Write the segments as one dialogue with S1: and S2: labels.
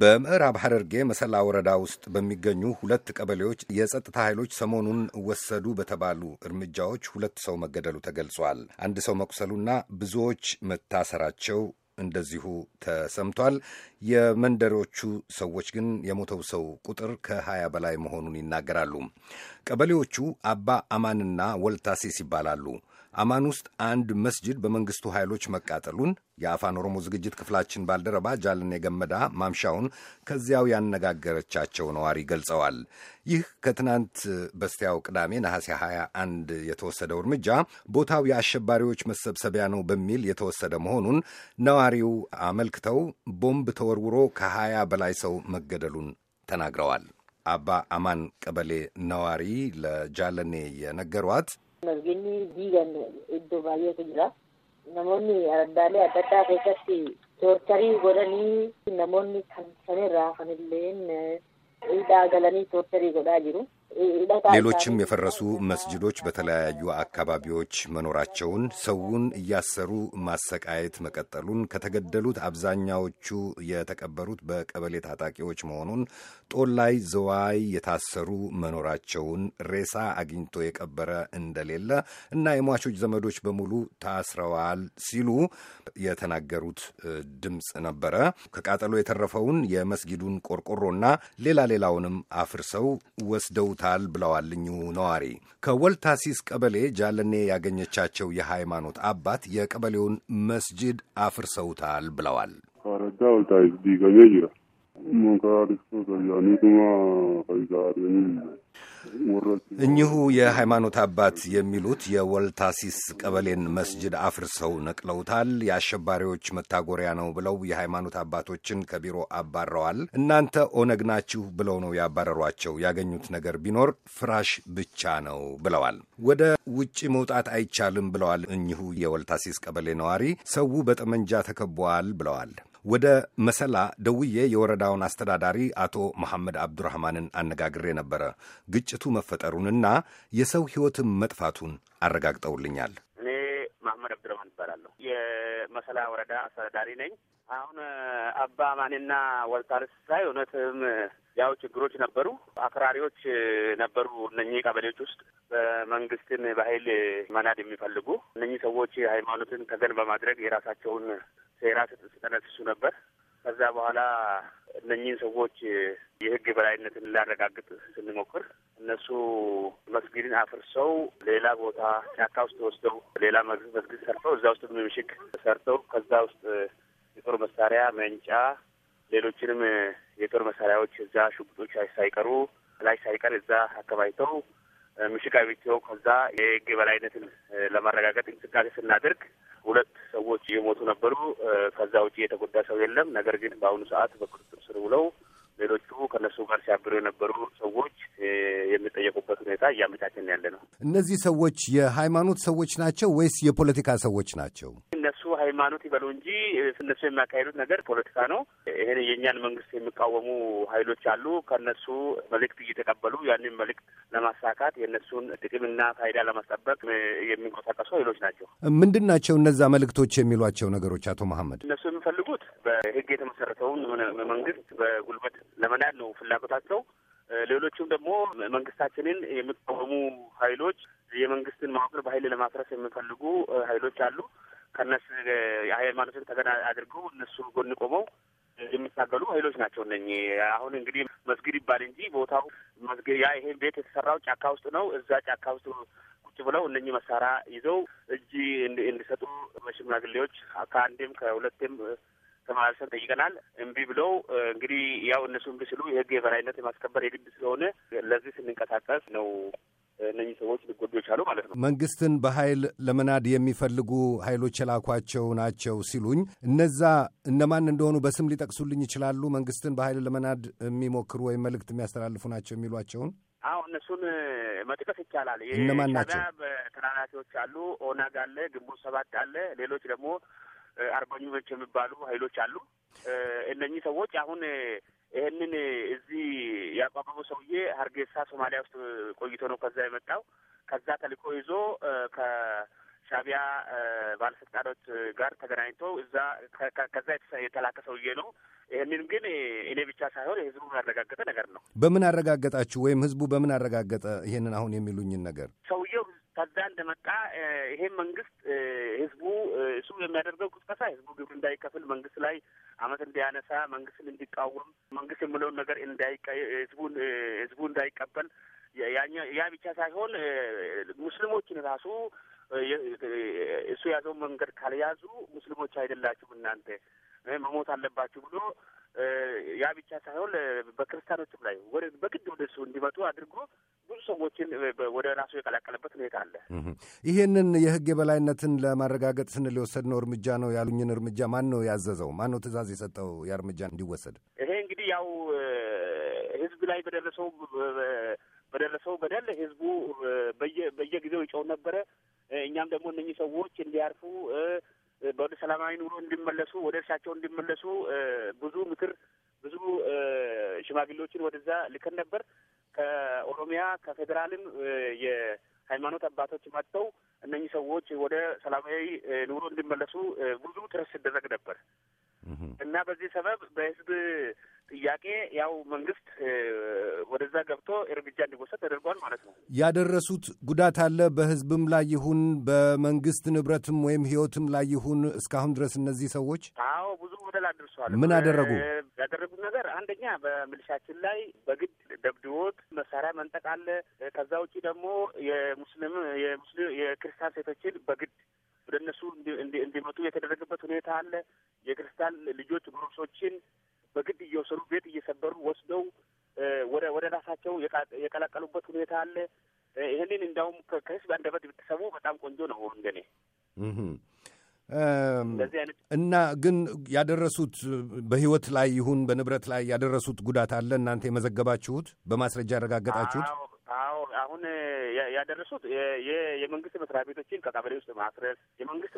S1: በምዕራብ ሐረርጌ መሰላ ወረዳ ውስጥ በሚገኙ ሁለት ቀበሌዎች የጸጥታ ኃይሎች ሰሞኑን ወሰዱ በተባሉ እርምጃዎች ሁለት ሰው መገደሉ ተገልጿል። አንድ ሰው መቁሰሉና ብዙዎች መታሰራቸው እንደዚሁ ተሰምቷል። የመንደሮቹ ሰዎች ግን የሞተው ሰው ቁጥር ከሀያ በላይ መሆኑን ይናገራሉ። ቀበሌዎቹ አባ አማንና ወልታሴስ ይባላሉ። አማን ውስጥ አንድ መስጅድ በመንግስቱ ኃይሎች መቃጠሉን የአፋን ኦሮሞ ዝግጅት ክፍላችን ባልደረባ ጃልኔ ገመዳ ማምሻውን ከዚያው ያነጋገረቻቸው ነዋሪ ገልጸዋል። ይህ ከትናንት በስቲያው ቅዳሜ ነሐሴ 21 የተወሰደው እርምጃ ቦታው የአሸባሪዎች መሰብሰቢያ ነው በሚል የተወሰደ መሆኑን ነዋሪው አመልክተው ቦምብ ተወርውሮ ከ20 በላይ ሰው መገደሉን ተናግረዋል። አባ አማን ቀበሌ ነዋሪ ለጃለኔ የነገሯት
S2: Narginni diigan iddoo baay'eetu jira. Namoonni addaalee adda addaa keessatti toortarii godhanii namoonni kan sanirraa kanillee hidhaa galanii toortarii godhaa jiru.
S3: ሌሎችም
S1: የፈረሱ መስጅዶች በተለያዩ አካባቢዎች መኖራቸውን፣ ሰውን እያሰሩ ማሰቃየት መቀጠሉን፣ ከተገደሉት አብዛኛዎቹ የተቀበሩት በቀበሌ ታጣቂዎች መሆኑን፣ ጦል ላይ ዘዋይ የታሰሩ መኖራቸውን፣ ሬሳ አግኝቶ የቀበረ እንደሌለ እና የሟቾች ዘመዶች በሙሉ ታስረዋል ሲሉ የተናገሩት ድምፅ ነበረ። ከቃጠሎ የተረፈውን የመስጊዱን ቆርቆሮና ሌላ ሌላውንም አፍርሰው ወስደውታል። ይገኙበታል ብለዋል እኚሁ ነዋሪ። ከወልታሲስ ቀበሌ ጃለኔ ያገኘቻቸው የሃይማኖት አባት የቀበሌውን መስጅድ አፍርሰውታል ብለዋል።
S2: ወልታሲስ
S1: እኚሁ የሃይማኖት አባት የሚሉት የወልታሲስ ቀበሌን መስጅድ አፍርሰው ነቅለውታል፣ የአሸባሪዎች መታጎሪያ ነው ብለው የሃይማኖት አባቶችን ከቢሮ አባረዋል። እናንተ ኦነግ ናችሁ ብለው ነው ያባረሯቸው። ያገኙት ነገር ቢኖር ፍራሽ ብቻ ነው ብለዋል። ወደ ውጭ መውጣት አይቻልም ብለዋል እኚሁ የወልታሲስ ቀበሌ ነዋሪ። ሰው በጠመንጃ ተከቧል ብለዋል። ወደ መሰላ ደውዬ የወረዳውን አስተዳዳሪ አቶ መሐመድ አብዱራህማንን አነጋግሬ ነበረ። ግጭቱ መፈጠሩንና የሰው ሕይወትም መጥፋቱን አረጋግጠውልኛል።
S2: እኔ መሐመድ አብዱራህማን እባላለሁ። የመሰላ ወረዳ አስተዳዳሪ ነኝ። አሁን አባ አማኔና ወልታርስ ላይ እውነትም ያው ችግሮች ነበሩ፣ አክራሪዎች ነበሩ። እነኚህ ቀበሌዎች ውስጥ በመንግስትን በኃይል መናድ የሚፈልጉ እነኚህ ሰዎች ሃይማኖትን ተገን በማድረግ የራሳቸውን ሴራ ስጠነስሱ ነበር። ከዛ በኋላ እነኚህን ሰዎች የህግ በላይነትን ላረጋግጥ ስንሞክር እነሱ መስጊድን አፍርሰው ሌላ ቦታ ጫካ ውስጥ ወስደው ሌላ መስጊድ ሰርተው እዛ ውስጥ ምሽግ ሰርተው ከዛ ውስጥ የጦር መሳሪያ መንጫ፣ ሌሎችንም የጦር መሳሪያዎች እዛ ሽጉጦች ሳይቀሩ ላይ ሳይቀር እዛ አከባይተው ምሽግ አቤትው ከዛ የህግ በላይነትን ለማረጋገጥ እንቅስቃሴ ስናደርግ ሰዎች እየሞቱ ነበሩ። ከዛ ውጭ የተጎዳ ሰው የለም። ነገር ግን በአሁኑ ሰዓት በቁጥጥር ስር ውለው ሌሎቹ ከነሱ ጋር ሲያብሩ የነበሩ ሰዎች የሚጠየቁበት ሁኔታ እያመቻቸን ያለ ነው።
S1: እነዚህ ሰዎች የሃይማኖት ሰዎች ናቸው ወይስ የፖለቲካ ሰዎች ናቸው?
S2: ሃይማኖት ይበሉ እንጂ እነሱ የሚያካሄዱት ነገር ፖለቲካ ነው። ይህን የእኛን መንግስት የሚቃወሙ ሀይሎች አሉ። ከነሱ መልእክት እየተቀበሉ ያንን መልእክት ለማሳካት የእነሱን ጥቅምና ፋይዳ ለማስጠበቅ የሚንቀሳቀሱ ሀይሎች ናቸው።
S1: ምንድን ናቸው እነዛ መልእክቶች የሚሏቸው ነገሮች? አቶ መሀመድ
S2: እነሱ የሚፈልጉት በህግ የተመሰረተውን መንግስት በጉልበት ለመናድ ነው ፍላጎታቸው። ሌሎቹም ደግሞ መንግስታችንን የሚቃወሙ ሀይሎች የመንግስትን መዋቅር በሀይል ለማፍረስ የሚፈልጉ ሀይሎች አሉ። ከነሱ የሃይማኖትን ተገን አድርገው እነሱ ጎን ቆመው የሚታገሉ ኃይሎች ናቸው እነ አሁን እንግዲህ መስጊድ ይባል እንጂ ቦታው መስጊድ ያ ይሄን ቤት የተሰራው ጫካ ውስጥ ነው። እዛ ጫካ ውስጥ ቁጭ ብለው እነኚህ መሳሪያ ይዘው እጅ እንዲሰጡ በሽማግሌዎች ከአንዴም ከሁለቴም ተመላልሰን ጠይቀናል። እምቢ ብለው እንግዲህ ያው እነሱ እምቢ ሲሉ የህግ የበላይነት የማስከበር የግድ ስለሆነ ለዚህ ስንንቀሳቀስ ነው እነኚህ ሰዎች ሊጎዱ የቻሉ
S1: ማለት ነው። መንግስትን በኃይል ለመናድ የሚፈልጉ ኃይሎች የላኳቸው ናቸው ሲሉኝ እነዛ እነማን እንደሆኑ በስም ሊጠቅሱልኝ ይችላሉ? መንግስትን በኃይል ለመናድ የሚሞክሩ ወይም መልእክት የሚያስተላልፉ ናቸው የሚሏቸውን
S2: አዎ እነሱን መጥቀስ ይቻላል። እነማን ናቸው? ተላላኪዎች አሉ። ኦነግ አለ፣ ግንቦት ሰባት አለ፣ ሌሎች ደግሞ አርበኞች የሚባሉ ኃይሎች አሉ። እነኚህ ሰዎች አሁን ይህንን እዚህ ያቋቋመው ሰውዬ ሀርጌሳ ሶማሊያ ውስጥ ቆይቶ ነው ከዛ የመጣው። ከዛ ተልእኮ ይዞ ከሻቢያ ባለስልጣኖች ጋር ተገናኝቶ እዛ ከዛ የተላከ ሰውዬ ነው። ይህንን ግን እኔ ብቻ ሳይሆን የህዝቡ ያረጋገጠ ነገር ነው። በምን
S1: አረጋገጣችሁ? ወይም ህዝቡ በምን አረጋገጠ? ይህንን አሁን የሚሉኝን ነገር
S2: ሰውዬው ከዛ እንደመጣ ይሄን መንግስት ህዝቡ እሱ የሚያደርገው ቅስቀሳ ህዝቡ ግብር እንዳይከፍል መንግስት ላይ አመት እንዲያነሳ መንግስትን እንዲቃወም መንግስት የምለውን ነገር ህዝቡን ህዝቡ እንዳይቀበል ያ ብቻ ሳይሆን ሙስሊሞችን ራሱ እሱ ያዘውን መንገድ ካልያዙ ሙስሊሞች አይደላችሁም እናንተ መሞት አለባችሁ ብሎ ያ ብቻ ሳይሆን በክርስቲያኖችም ላይ ወደ በግድ ወደ እሱ እንዲመጡ አድርጎ ብዙ ሰዎችን ወደ ራሱ የቀላቀለበት ሁኔታ አለ።
S1: ይህንን የህግ የበላይነትን ለማረጋገጥ ስንል የወሰድነው እርምጃ ነው ያሉኝን እርምጃ ማን ነው ያዘዘው? ማን ነው ትእዛዝ የሰጠው ያ እርምጃ እንዲወሰድ?
S2: ይሄ እንግዲህ ያው ህዝብ ላይ በደረሰው በደረሰው በደል ህዝቡ በየጊዜው ይጨው ነበረ። እኛም ደግሞ እነኚህ ሰዎች እንዲያርፉ ወደ ሰላማዊ ኑሮ እንዲመለሱ፣ ወደ እርሻቸው እንዲመለሱ ብዙ ምክር ብዙ ሽማግሌዎችን ወደዛ ልከን ነበር። ከኦሮሚያ ከፌዴራልም የሃይማኖት አባቶች መጥተው እነኚህ ሰዎች ወደ ሰላማዊ ኑሮ እንዲመለሱ ብዙ ጥረት ሲደረግ ነበር እና በዚህ ሰበብ በህዝብ ጥያቄ ያው መንግስት ወደዛ ገብቶ እርምጃ እንዲወሰድ ተደርጓል ማለት ነው።
S1: ያደረሱት ጉዳት አለ በህዝብም ላይ ይሁን በመንግስት ንብረትም ወይም ህይወትም ላይ ይሁን እስካሁን ድረስ እነዚህ ሰዎች
S2: አዎ ብዙ በደል
S1: አድርሰዋል። ምን አደረጉ?
S2: ያደረጉት ነገር አንደኛ በሚሊሻችን ላይ በግድ ደብድቦት መሳሪያ መንጠቅ አለ። ከዛ ውጭ ደግሞ የሙስሊም የሙስሊም የክርስቲያን ሴቶችን በግድ ወደ እነሱ እንዲመጡ የተደረገበት ሁኔታ አለ። የክርስቲያን ልጆች ግሩፕሶችን በግድ እየወሰዱ ቤት እየሰበሩ ወስደው ወደ ወደ ራሳቸው የቀላቀሉበት ሁኔታ አለ። ይህንን እንዳውም ከህዝብ አንደበት ብትሰሙ በጣም ቆንጆ ነው እንደኔ
S1: እና ግን ያደረሱት በህይወት ላይ ይሁን በንብረት ላይ ያደረሱት ጉዳት አለ? እናንተ የመዘገባችሁት በማስረጃ ያረጋገጣችሁት?
S2: አዎ፣ አሁን ያደረሱት የመንግስት መስሪያ ቤቶችን ከቀበሌ ውስጥ ማፍረስ፣ የመንግስት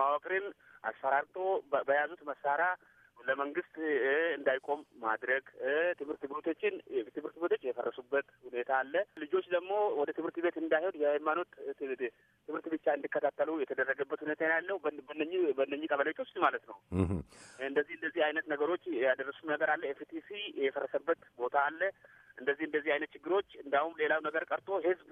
S2: መዋቅርን አስፈራርቶ በያዙት መሳሪያ ለመንግስት እንዳይቆም ማድረግ ትምህርት ቤቶችን ትምህርት ቤቶች የፈረሱበት ሁኔታ አለ። ልጆች ደግሞ ወደ ትምህርት ቤት እንዳይሄድ የሃይማኖት ትምህርት ብቻ እንዲከታተሉ የተደረገበት ሁኔታ ያለው በእነኚህ ቀበሌዎች ውስጥ ማለት ነው። እንደዚህ እንደዚህ አይነት ነገሮች ያደረሱ ነገር አለ። ኤፍቲሲ የፈረሰበት ቦታ አለ። እንደዚህ እንደዚህ አይነት ችግሮች እንዳሁም ሌላው ነገር ቀርቶ ህዝብ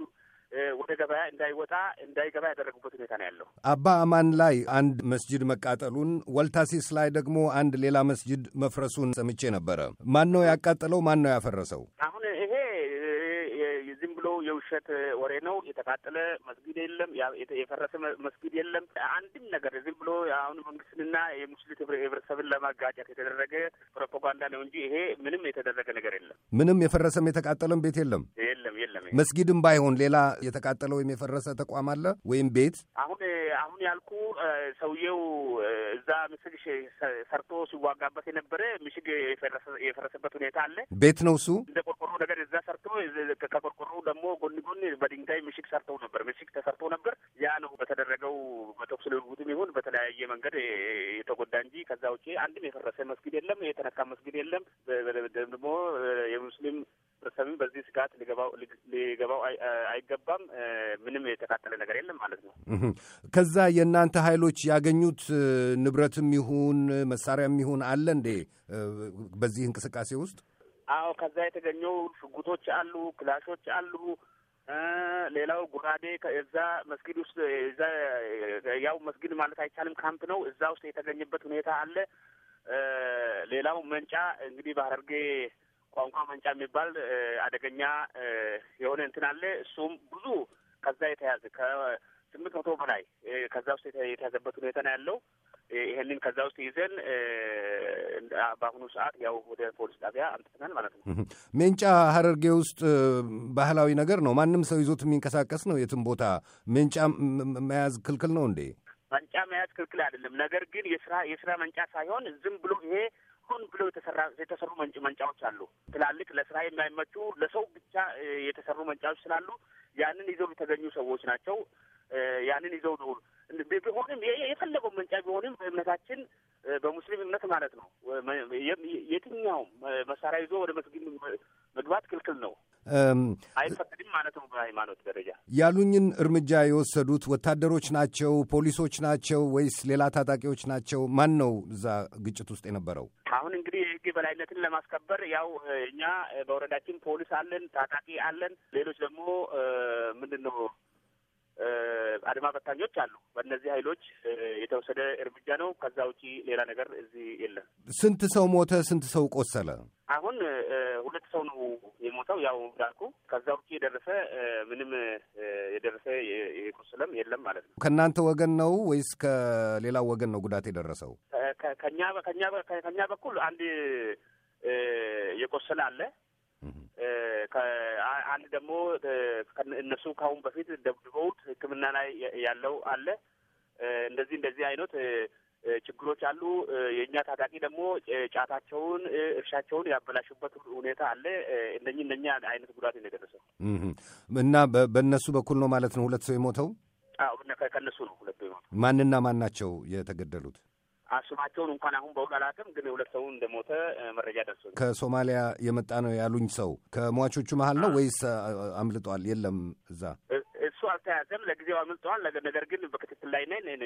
S2: ወደ ገበያ እንዳይወጣ እንዳይገባ ያደረጉበት ሁኔታ ነው ያለው።
S1: አባ አማን ላይ አንድ መስጅድ መቃጠሉን፣ ወልታሲስ ላይ ደግሞ አንድ ሌላ መስጅድ መፍረሱን ሰምቼ ነበረ። ማን ነው ያቃጠለው? ማን ነው ያፈረሰው?
S2: አሁን ይሄ ዝም ብሎ የውሸት ወሬ ነው። የተቃጠለ መስጊድ የለም፣ የፈረሰ መስጊድ የለም። አንድም ነገር ዝም ብሎ አሁን መንግስትንና የሙስሊም ህብረተሰብን ለማጋጨት የተደረገ ፕሮፓጋንዳ ነው እንጂ ይሄ ምንም የተደረገ ነገር የለም።
S1: ምንም የፈረሰም የተቃጠለም ቤት የለም። የለም። መስጊድም ባይሆን ሌላ የተቃጠለ ወይም የፈረሰ ተቋም አለ ወይም ቤት?
S2: አሁን አሁን ያልኩ ሰውዬው እዛ ምስግ ሰርቶ ሲዋጋበት የነበረ ምሽግ የፈረሰበት
S1: ሁኔታ አለ። ቤት ነው እሱ እንደ ቆርቆሮ ነገር እዛ ሰርቶ ከቆርቆሮ ደግሞ ጎን ጎን በድንጋይ
S2: ምሽግ ሰርተው ነበር። ምሽግ ተሰርቶ ነበር። ያ ነው በተደረገው በተኩስ ልውውጥም ይሁን በተለያየ መንገድ የተጎዳ እንጂ ከዛ ውጪ አንድም የፈረሰ መስጊድ የለም። የተነካ መስጊድ የለም። ደግሞ የሙስሊም ህብረተሰብም በዚህ ስጋት ሊገባው አይገባም። ምንም የተቃጠለ ነገር የለም ማለት ነው።
S1: ከዛ የእናንተ ኃይሎች ያገኙት ንብረትም ይሁን መሳሪያም ይሁን አለ እንዴ በዚህ እንቅስቃሴ ውስጥ?
S2: አዎ፣ ከዛ የተገኘው ሽጉጦች አሉ፣ ክላሾች አሉ። ሌላው ጉራዴ እዛ መስጊድ ውስጥ እዛ ያው መስጊድ ማለት አይቻልም ካምፕ ነው። እዛ ውስጥ የተገኘበት ሁኔታ አለ። ሌላው መንጫ እንግዲህ ባህረርጌ ቋንቋ መንጫ የሚባል አደገኛ የሆነ እንትን አለ። እሱም ብዙ ከዛ የተያዘ ከስምንት መቶ በላይ ከዛ ውስጥ የተያዘበት ሁኔታ ነው ያለው። ይህንን ከዛ ውስጥ ይዘን በአሁኑ ሰዓት ያው ወደ ፖሊስ ጣቢያ አምጥተናል ማለት
S1: ነው። ሜንጫ ሀረርጌ ውስጥ ባህላዊ ነገር ነው። ማንም ሰው ይዞት የሚንቀሳቀስ ነው። የትም ቦታ ሜንጫ መያዝ ክልክል ነው እንዴ?
S2: መንጫ መያዝ ክልክል አይደለም። ነገር ግን የስራ የስራ መንጫ ሳይሆን ዝም ብሎ ይሄ ሆን ብለው የተሰራ የተሰሩ መንጫዎች አሉ። ትላልቅ ለስራ የማይመቹ ለሰው ብቻ የተሰሩ መንጫዎች ስላሉ ያንን ይዘው የተገኙ ሰዎች ናቸው። ያንን ይዘው ነው ቢሆንም የፈለገው መንጫ ቢሆንም በእምነታችን በሙስሊም እምነት ማለት ነው የትኛውም መሳሪያ ይዞ ወደ መስጊድ መግባት ክልክል ነው፣ ማለት ነው። በሃይማኖት ደረጃ
S1: ያሉኝን እርምጃ የወሰዱት ወታደሮች ናቸው፣ ፖሊሶች ናቸው ወይስ ሌላ ታጣቂዎች ናቸው? ማን ነው እዛ ግጭት ውስጥ የነበረው?
S2: አሁን እንግዲህ የህግ የበላይነትን ለማስከበር ያው እኛ በወረዳችን ፖሊስ አለን፣ ታጣቂ አለን፣ ሌሎች ደግሞ ምንድን ነው አድማ በታኞች አሉ። በእነዚህ ኃይሎች የተወሰደ እርምጃ ነው። ከዛ ውጪ ሌላ ነገር እዚህ የለም።
S1: ስንት ሰው ሞተ? ስንት ሰው ቆሰለ?
S2: አሁን ሁለት ሰው ነው የሞተው፣ ያው እንዳልኩ። ከዛ ውጪ የደረሰ ምንም የደረሰ የቆሰለም የለም ማለት ነው።
S1: ከእናንተ ወገን ነው ወይስ ከሌላው ወገን ነው ጉዳት የደረሰው?
S2: ከኛ ከኛ በኩል አንድ የቆሰለ አለ አንድ ደግሞ እነሱ ካሁን በፊት ደብድበውት ሕክምና ላይ ያለው አለ። እንደዚህ እንደዚህ አይነት ችግሮች አሉ። የእኛ ታጣቂ ደግሞ ጫታቸውን፣ እርሻቸውን ያበላሹበት ሁኔታ አለ። እነኚህ እነኛ አይነት ጉዳት ነው የደረሰው
S1: እና በእነሱ በኩል ነው ማለት ነው ሁለት ሰው የሞተው
S2: ከእነሱ ነው ሁለቱ የሞተው።
S1: ማንና ማን ናቸው የተገደሉት?
S2: አስማቸውን እንኳን አሁን በውል አላውቅም፣ ግን ሁለት ሰው እንደሞተ መረጃ ደርሶ
S1: ከሶማሊያ የመጣ ነው ያሉኝ ሰው ከሟቾቹ መሀል ነው ወይስ አምልጧል? የለም እዛ
S2: እሱ አልተያዘም። ለጊዜው አምልጠዋል። ነገር ግን በክትትል ላይ ነን።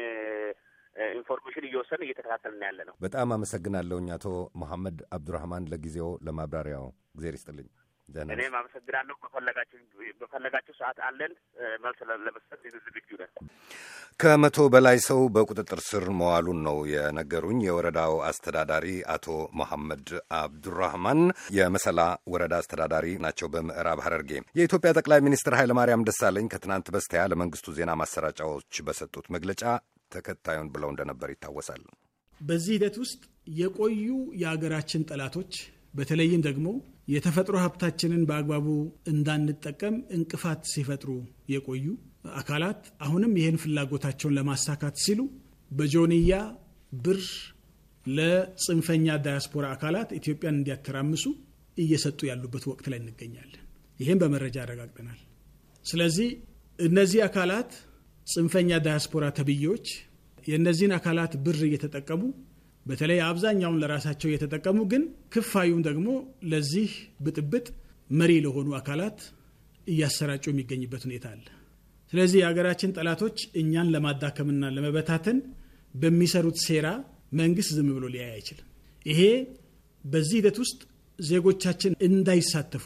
S2: ኢንፎርሜሽን እየወሰን እየተከታተልን ያለ ነው።
S1: በጣም አመሰግናለሁኝ አቶ መሐመድ አብዱራህማን ለጊዜው ለማብራሪያው። እግዜር ይስጥልኝ። እኔም
S2: አመሰግናለሁ። በፈለጋችሁ ካለን መልስ ለመስጠት ዝግጁ ነን።
S1: ከመቶ በላይ ሰው በቁጥጥር ስር መዋሉን ነው የነገሩኝ የወረዳው አስተዳዳሪ አቶ መሐመድ አብዱራህማን የመሰላ ወረዳ አስተዳዳሪ ናቸው በምዕራብ ሐረርጌ። የኢትዮጵያ ጠቅላይ ሚኒስትር ኃይለማርያም ደሳለኝ ከትናንት በስቲያ ለመንግስቱ ዜና ማሰራጫዎች በሰጡት መግለጫ ተከታዩን ብለው እንደነበር ይታወሳል።
S3: በዚህ ሂደት ውስጥ የቆዩ የአገራችን ጠላቶች በተለይም ደግሞ የተፈጥሮ ሀብታችንን በአግባቡ እንዳንጠቀም እንቅፋት ሲፈጥሩ የቆዩ አካላት አሁንም ይህን ፍላጎታቸውን ለማሳካት ሲሉ በጆንያ ብር ለጽንፈኛ ዳያስፖራ አካላት ኢትዮጵያን እንዲያተራምሱ እየሰጡ ያሉበት ወቅት ላይ እንገኛለን። ይህም በመረጃ ያረጋግጠናል። ስለዚህ እነዚህ አካላት ጽንፈኛ ዳያስፖራ ተብዬዎች የእነዚህን አካላት ብር እየተጠቀሙ በተለይ አብዛኛውን ለራሳቸው እየተጠቀሙ ግን ክፋዩን ደግሞ ለዚህ ብጥብጥ መሪ ለሆኑ አካላት እያሰራጩ የሚገኝበት ሁኔታ አለ። ስለዚህ የሀገራችን ጠላቶች እኛን ለማዳከምና ለመበታተን በሚሰሩት ሴራ መንግስት ዝም ብሎ ሊያይ አይችልም። ይሄ በዚህ ሂደት ውስጥ ዜጎቻችን እንዳይሳተፉ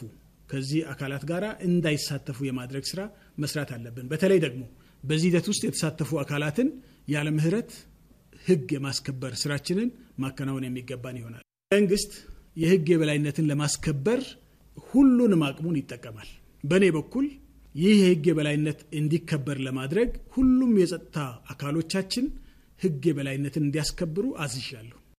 S3: ከዚህ አካላት ጋር እንዳይሳተፉ የማድረግ ስራ መስራት አለብን። በተለይ ደግሞ በዚህ ሂደት ውስጥ የተሳተፉ አካላትን ያለ ምህረት ህግ የማስከበር ስራችንን ማከናወን የሚገባን ይሆናል። መንግስት የህግ የበላይነትን ለማስከበር ሁሉንም አቅሙን ይጠቀማል። በእኔ በኩል ይህ የህግ የበላይነት እንዲከበር ለማድረግ ሁሉም የጸጥታ አካሎቻችን ህግ የበላይነትን እንዲያስከብሩ አዝዣለሁ።